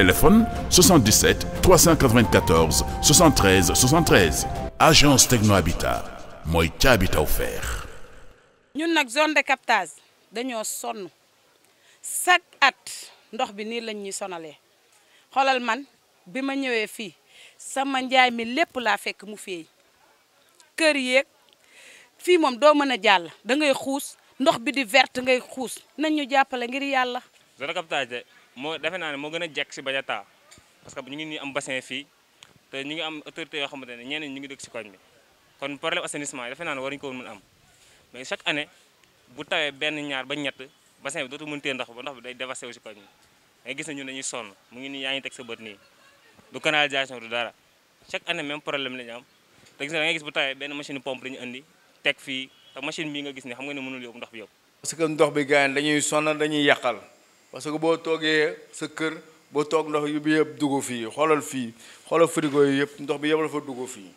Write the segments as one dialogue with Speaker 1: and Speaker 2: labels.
Speaker 1: téléphone 77 394 73 73 agence Techno Habitat mooy ca Habitat offert.
Speaker 2: ñun nag zone de captage dañoo sonn chaque at ndox bi nii lañ ñuy sonalee xoolal man bi ma ñëwee fii sama njaay mi lépp laa fekk mu feey kër yeeg fii moom doo mën a jàll da xuus ndox bi di verte ngay xuus nañ jàppale ngir yàlla.
Speaker 3: moo defe naa ne moo gën a jekk si Badiata parce que ñu ngi nii am bassin fii te ñu ngi am autorité yoo xamante ne ñeneen ñu ngi dëkk si koñ bi kon problème assainissement yi defe naa ne waruñu ko woon mën am mais chaque année bu tawee benn ñaar ba ñett bassin bi dootu mën tee ndox ba ndox bi day dévasté wu si koñ bi mais gis na ñun dañuy sonn mu ngi nii yaa ngi teg sa bët nii du canalisation du dara chaque année même problème la ñu am te gis na da gis tawee benn machine pompe la ñu indi teg fii te machine bii nga gis xam nga
Speaker 4: ne mënul yóbbu ndox bi yóbbu parce que ndox bi gars yi dañuy sonn dañuy parce que boo toogee sa kër boo toog ndox yu bi yëpp duggu fii xoolal fii xoolal frigo yi yëpp ndox bi yëpp la fa dugg fii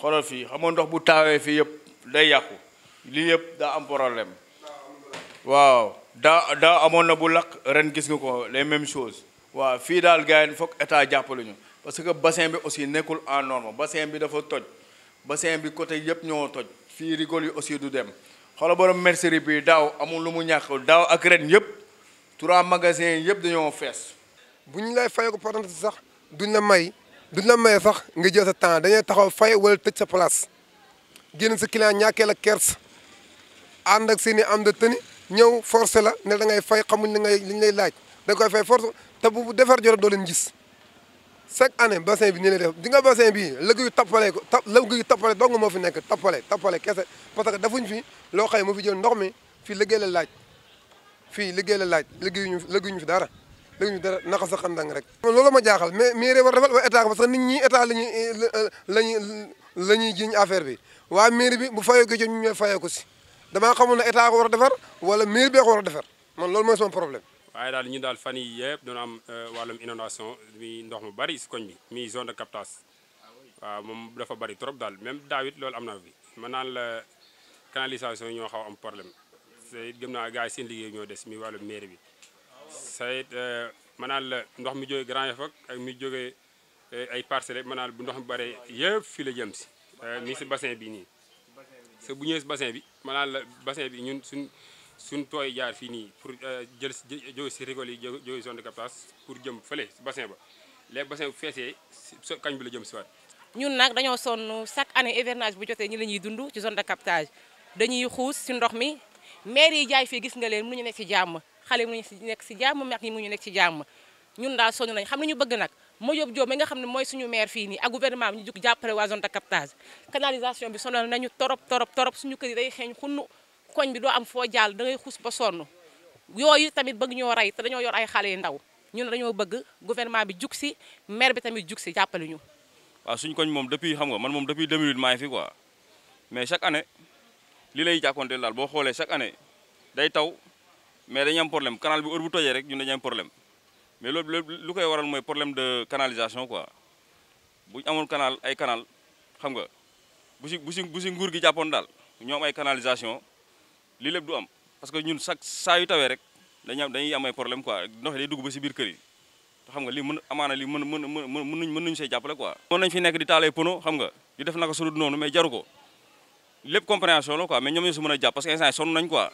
Speaker 4: xoolal fii xam ndox bu taawee fii yëpp day yàqu lii yëpp daa am problème waaw daa daa amoon na bu lakk ren gis nga ko les mêmes choses waaw fii daal gars yi foog état jàppale ñu parce que bassin bi aussi nekkul en norme bassin bi dafa toj bassin bi côté yëpp ñoo toj fii rigole yi aussi du dem xoolal borom mercerie bi daaw amul lu mu ñàkk daaw ak yëpp trois magasins yëpp dañoo fees.
Speaker 5: bu ñu lay fayee ko patente sax duñ la may duñ la may sax nga jël sa temps dañuy taxaw fay wala tëj sa place génn sa client ñàkkee la kers ànd ak seen i am de ten ñëw forcé la ne da ngay fay xamuñ li ngay li ñu lay laaj da koy fay force te bu defar joro doo leen gis chaque année bi ni lay def dinga nga bi bii lëg yu tappale ko ta lëg yu tappale dong moo fi nekk tappale tappale kese parce que dafuñ fi loo xëy mu fi jël ndox mi fi liggéey la laaj fii liggéey la laaj liggéeyuñu liggéeyuñu fi dara liggéeyuñu fi dara naxa sa xandang rek loolu ma jaaxal mais mairie war defal wa état la ñuy jiñ affaire bi waa mairie bi bu fayoo ko ci ñu ñooy si damaa xamul ne état ko war defar wala mairie bee ko war defar man loolu mooy sama problème
Speaker 6: waaye daal ñu daal fan yi yëpp doon am euh, wàllum inondation mi ndox mu bari si koñ bi mi zone de captage moom dafa bari trop daal même daawit loolu am na fi mën naan la canalisation yi ñoo xaw am problème it gëm naa gars yi seen liggéey ñoo des mi wàllu mairie bi sayit euh, maanaam ndox mi jógee Grand Yoff ak mi jógee euh, ay parcelles maanaam bu ndox mi bare yëpp fii la jëm si euh, mi si bassin bi nii sa bu ñëwee si bassin bi manaal la bassin bi ñun suñ suñ tooy jaar fii nii pour jël si jóge si rigole yi jóge zone de captage pour jëm fële si bassin ba léegi bassin bu feesee si kañ bi la jëm si waat
Speaker 2: ñun nag dañoo sonn chaque année hivernage bu jotee ñi la ñuy dund ci zone de captage dañuy xuus si ndox mi maire yi jaay fi gis nga leen mu mënuñu nekk ci jàmm xale yi mënuñu nekk ci jàmm mag yi nekk ci jàmm ñun daal sonn nañ xam ne ñu bëgg nag moo Madiop Diop mi nga xam ne mooy suñu maire fii nii ak gouvernement bi ñu jug jàppale waa zone de captage canalisation bi nañu torop torop torop suñu kër yi day bi doo am foo jaal da ngay xus ba sonn yooyu tamit bëgg ñoo rey te dañoo yor ay xale yu ndaw ñun dañoo bëgg gouvernement bi jug si maire bi tamit jug si jàppale ñu
Speaker 7: waaw suñu koñ moom depuis xam nga man moom depuis 2008 maa ngi fi quoi mais chaque année li lay jàkkonteel daal boo xoolee chaque année day taw mais dañuy am problème canal bi heure bu tojee rek ñun dañuy am problème mais loolu lu koy waral mooy problème de canalisation quoi bu ñu amoon canal ay canal xam nga bu si bu si bu si nguur gi jàppoon daal ñoo am ay canalisation lii lépp du am parce que ñun chaque saa yu tawee rek dañuy am dañuy am ay problème quoi ndox day dugg ba si biir kër yi te xam nga lii mën amaana lii mën mën mën mën mën nañu see jàppale quoi. mën nañ fi nekk di taalee pono xam nga di def naka su dul noonu mais jaru ko. lépp compréhension la ñoom ñoo si mën a jàpp nañ quoi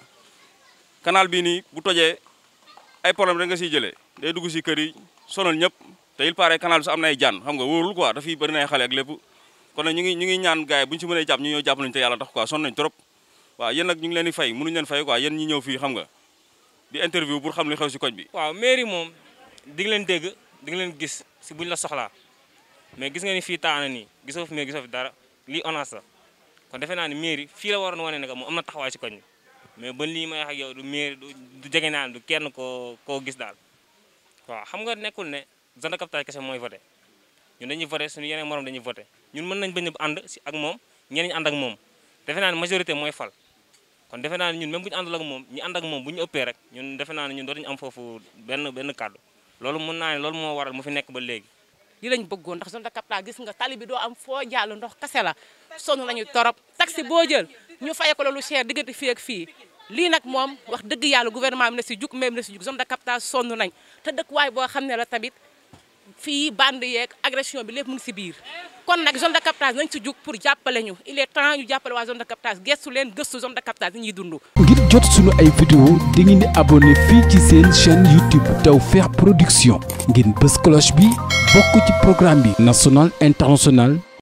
Speaker 7: canal bii nii bu tojee ay problème rek nga siy jëlee day dugg si kër yi sonal ñëpp te il paraît canal bi sax am na ay jaan xam nga wóorul quoi dafay bëri na ay xale ak lépp kon nag ñu ngi ñu ngi ñaan gars yi bu ñu si mënee jàpp ñu ñoo jàpp nañu te yàlla tax quoi sonn nañ trop waaw yéen nag ñu ngi leen di fay mënuñu leen fay quoi yéen ñi ñëw fii xam nga di interview pour xam li xew si koñ bi waaw mairie moom
Speaker 3: di leen dégg di nga leen gis si buñ la soxlaa mais gis nga ni fii taana nii gisoo fi mais gisoo dara lii ONAS la kon defe naa ne mairie fii la waroon wone ne que mu am na taxawaay si koñ mais ba lii may wax ak yow du mairie du jege naan du kenn koo koo gis daal waaw xam nga nekkul ne zone de captage mooy voté ñun dañuy voté suñu yeneen morom dañuy voté ñun mën nañ bañ bu ànd si ak moom ñeneen ñu ànd ak moom defe naa ne majorité mooy fal kon defe naa ne ñun même bu ñu àndul ak moom ñu ànd moom bu ñu ëppee rek ñun defe naa ne ñun dootuñu am foofu benn benn kàddu loolu mun naa ne loolu moo waral mu fi nekk ba léegi
Speaker 2: li lañ bëggoon ndax zone de captage gis nga tali bi doo am foo jàll ndox kase la sonn nañu torop taxi boo jël ñu fay ko loolu cher diggante fii ak fii lii nag moom wax dëgg yàlla gouvernement bi na si jug même na si jug zone de captage sonn nañ te dëkkuwaay boo xam ne la tamit fii bande yeeg agression bi lépp mu ngi si biir kon nag zone de captage nañ si jug pour jàppale ñu il est temps ñu jàppale waa zone de captage gëstu leen gëstu zone de captage yi ñuy dund.
Speaker 4: ngir jot suñu ay vidéo di ngeen di fii ci seen chaîne YouTube Tawfekh Production ngeen bës cloche bi bokk ci programme bi national international.